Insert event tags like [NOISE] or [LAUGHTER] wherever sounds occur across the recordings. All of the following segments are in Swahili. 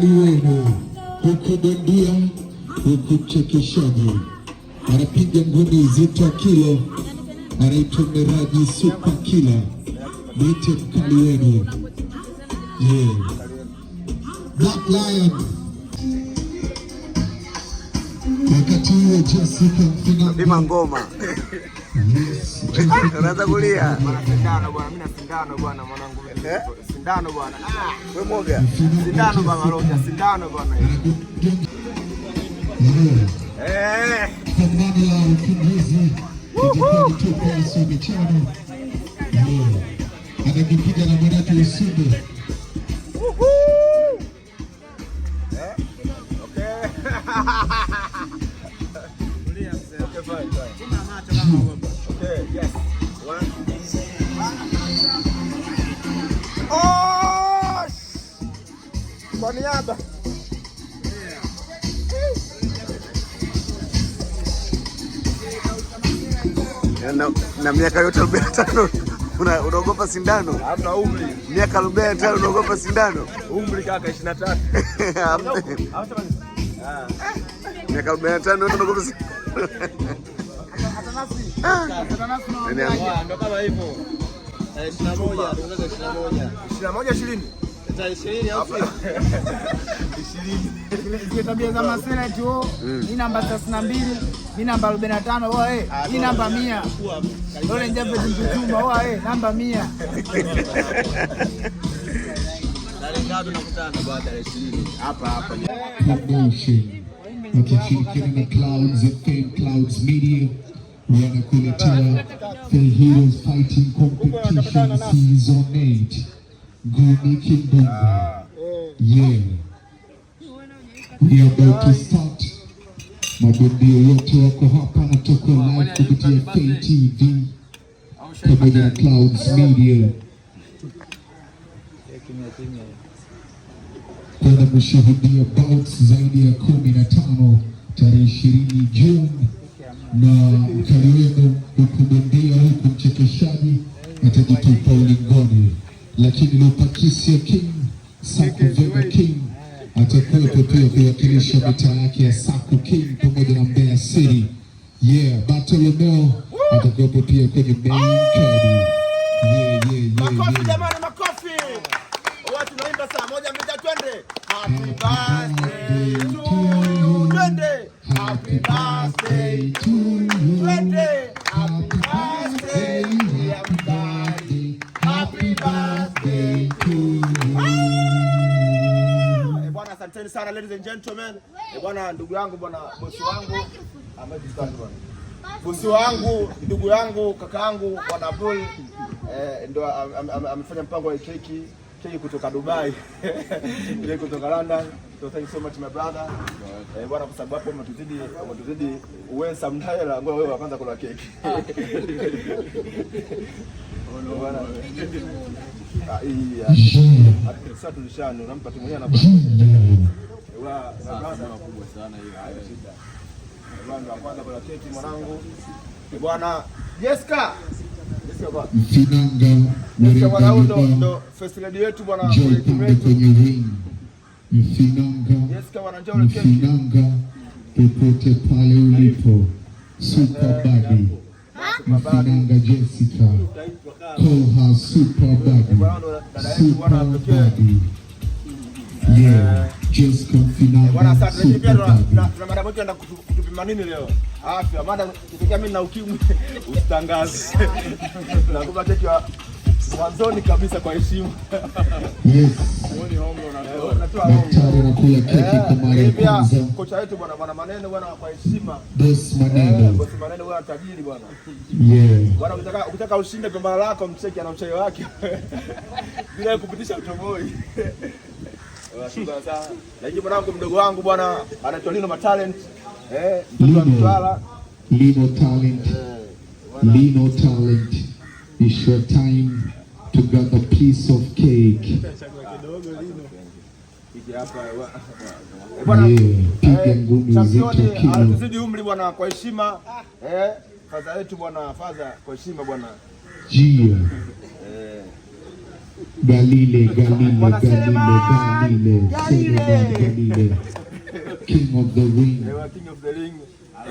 aliwevo kukudodia ukuchekeshaji, anapiga ngumi zito kilo, anaitwa Miraji Super Kila mwite mkali wenu. Yeah. Black Lion wakati huo Jessica Mfinanga ngoma Unaanza kulia. Sindano bwana, sindano bwana mwanangu. Eh? Sindano bwana. Ah! Wewe mwoga. Sindano bwana Roja, sindano bwana. Eh. Anakipiga na mwanake Usube. Kwa niaba na miaka yote arobaini na tano unaogopa sindano? Hamna umri. Miaka arobaini na tano unaogopa sindano? Umri kaka, ishirini na tatu. [LAUGHS] Miaka arobaini na tano unaogopa sindano? Ah. Ndio kama hivyo. [LAUGHS] tabia za maselati o, oh. hii mm. namba thelathini na mbili, hii namba arobaini na tano, hii namba mia olenjapezimtutuma namba mia Promotion wakishirikiana na Clouds FM Clouds Media wanakuletea The Heroes Fighting Competition Season 8 Gumi Kimbunga. Yeah. We are about to start. Mabondia wote wako hapa na toko live kupitia KTV pamoja na Clouds Media. Kwenda kushuhudia bouts zaidi ya kumi na tano tarehe 20 Juni na mkaliweza kumkubembea huku mchekeshaji atajitupa ulingoni, lakini Lupakisio King saku vema King atakuwepo pia kuwakilisha mitaa yake ya Saku King pamoja na mbea siri Yeah, Bartolomeo atakuwepo pia kwenye main card. Yeah, yeah, yeah, makofi jamani, makofi huwa tunaimba saa moja mita twende, happy birthday to you, twende happy birthday to ladies and gentlemen. Eh, bwana ndugu yangu bwana bosi wangu bosi wangu ndugu yangu kaka yangu bwana Abdul eh, ndo amefanya mpango wa keki keki kutoka Dubai [LAUGHS] ile kutoka London. So thank you so much my brother eh, bwana, kwa sababu hapo umetuzidi umetuzidi uwe samdaya la ngoja wewe kwanza kula keki ono [LAUGHS] bwana ah, iya sasa tulishana unampa tu mwenyewe na Bwana Mfinanga ndo first Mfinanga, popote pale ulipo, super baby Mfinanga Jessica, koha her super baby, super baby, yeah Eh, na mada yetu enda kutupima nini leo? Afya. Mada ikitokea mimi na ukimwi usitangaze. [LAUGHS] Tunakupa [LAUGHS] keki ya mwanzoni kabisa kwa heshima. [LAUGHS] Yes. Eh, Daktari anakula keki kwa mara ya eh, kwanza. Kocha wetu bwana bwana Maneno bwana kwa heshima. Boss Maneno. Boss Maneno bwana tajiri bwana. Yeah. Bwana ukitaka ukitaka ushinde pambano lako mcheki ana uchawi wake. Bila kupitisha utoboi. Naiji mwanangu mdogo wangu bwana anaitwa eh, Lino Matalent. Eh, Lino Talent. Eh, Lino Talent. It's your time to get a piece of cake. Eh, Tuzidi umri bwana kwa heshima. Eh, yetu bwana, kwa heshima bwana. Jia. Galile, Galile, Galile, Galile, King of the Ring. Eh,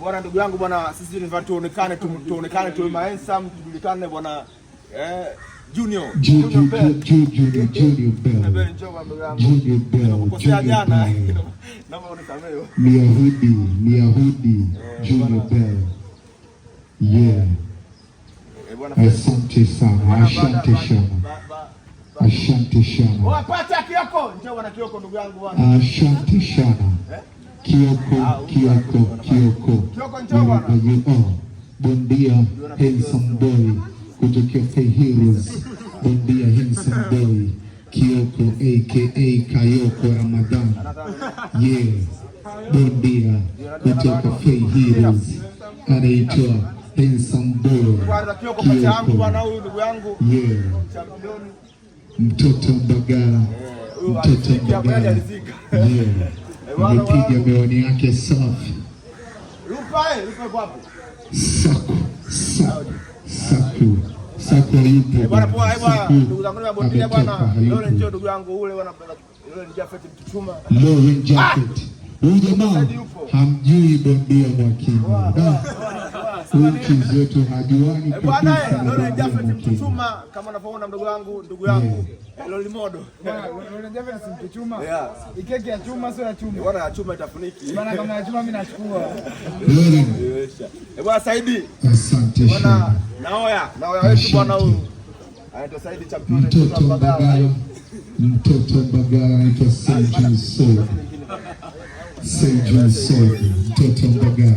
bwana ndugu yangu bwana, sisi ni watu tuonekane, tuonekane tu handsome, tujulikane bwana Junior. Eh, Junior Junior Junior Junior Bell. [LAUGHS] Eh, yeah. Asante sana, asante sana, asante sana, eh? asante ah, sana. Kioko, Kioko, oh, Kioko, Kioko you are. Bondia handsome boy kutokea Fay Heroes. [LAUGHS] Bondia handsome boy Kioko aka Kayoko Ramadhan. Yeah, bondia kutoka Fay Heroes anaitwa ndugu yangu mtoto Mbagala, mtoto Mbagala amepiga meoni yake safi. Saku saku saku yupo, eh, ah! huyu jamaa hamjui bondia Mwakinyo nchi zetu hadiwani eh, bwana eh, Jafet Mtuchuma, kama unavyoona mdogo wangu, ndugu yangu eh, Modo Jafet Mtuchuma, yeah. ikeki ya chuma, sio ya chuma. Bwana ya chuma itafuniki, bwana, kama ya chuma mimi nachukua Eh bwana Saidi. Asante bwana Naoya, Naoya wetu bwana huyu anaitwa Saidi champion, mtoto Mbagala, mtoto Mbagala anaitwa Saidi Saidi Saidi, mtoto Mbagala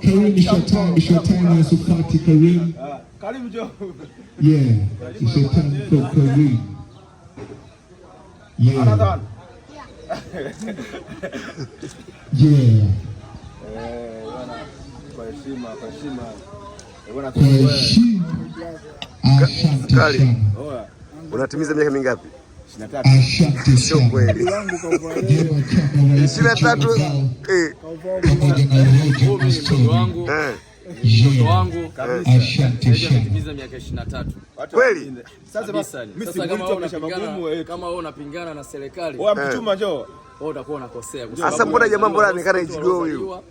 Hii shetani, shetani ya Sufati Karim. Ah, Karibu jo. Yeah, shetani kwa Karim. Yeah. Yeah. Eh, kwa heshima, kwa heshima. Eh, kwa heshima. Asante sana. Unatimiza miaka mingapi? Sio kweli. Ishirini na tatu mtoto wangu ametimiza miaka ishirini na tatu. Kweli? Sasa kama unapingana na serikali wewe utakuwa unakosea. Sasa mbona jamaa, mbona anaonekana ijigo huyu?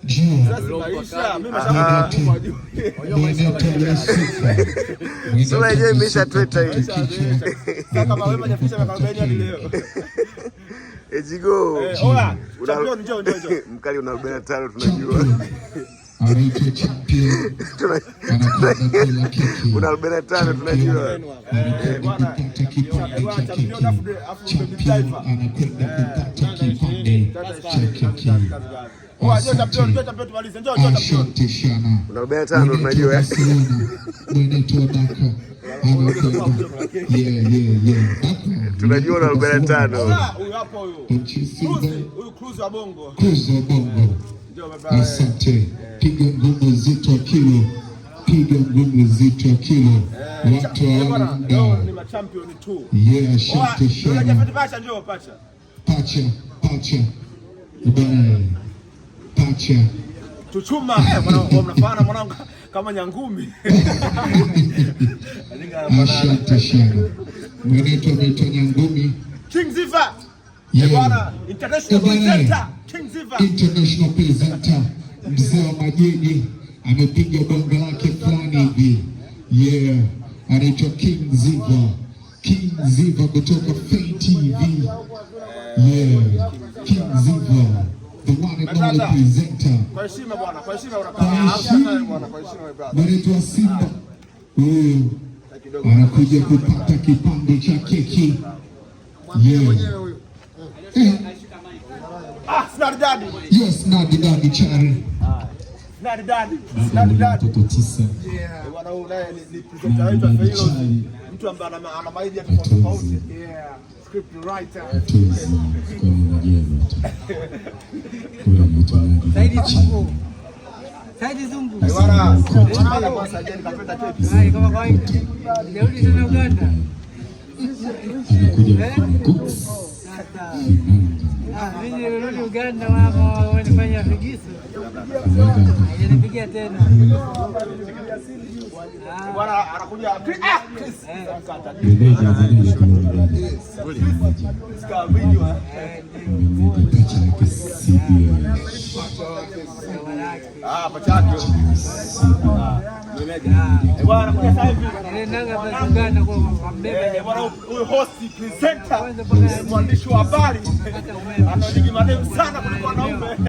Sura yenyewe imeisha tweta hii. Ejigo mkali una arobaini tunajua anaitwa champion, una arobaini na tunajua anakwenda kupata kikombe chake. Asante sana, una na arobaini na tano Cruz wa Bongo Asante, piga ngumi zito kilo, piga ngumi zito kilo, eh, watu pacha pacha pacha Chuchuma eh, mnafaana mwanangu kama nyangumi. [LAUGHS] Asante sana. Mwenetu anaitwa nyangumi. King Ziva. Yeah. Eh, bwana international presenter international presenter mzee wa majini amepiga bongo lake fulani hivi yeah, anaitwa King Ziva, King Ziva kutoka Fay TV yeah, King Ziva the one and only presenter. Kwa heshima mwenetu wa Simba huyu anakuja kupata kipande cha keki yeah. Yes, nadi nadi chari ah, watoto tisa mtu ambaye ana maidi ya tofauti Nilirudi Uganda, mama wanifanya figisu, alinipigia tena bwana, anakuja Eh, huyu host presenter mwandishi wa habari anaonigi mademu sana kuliko wanaume.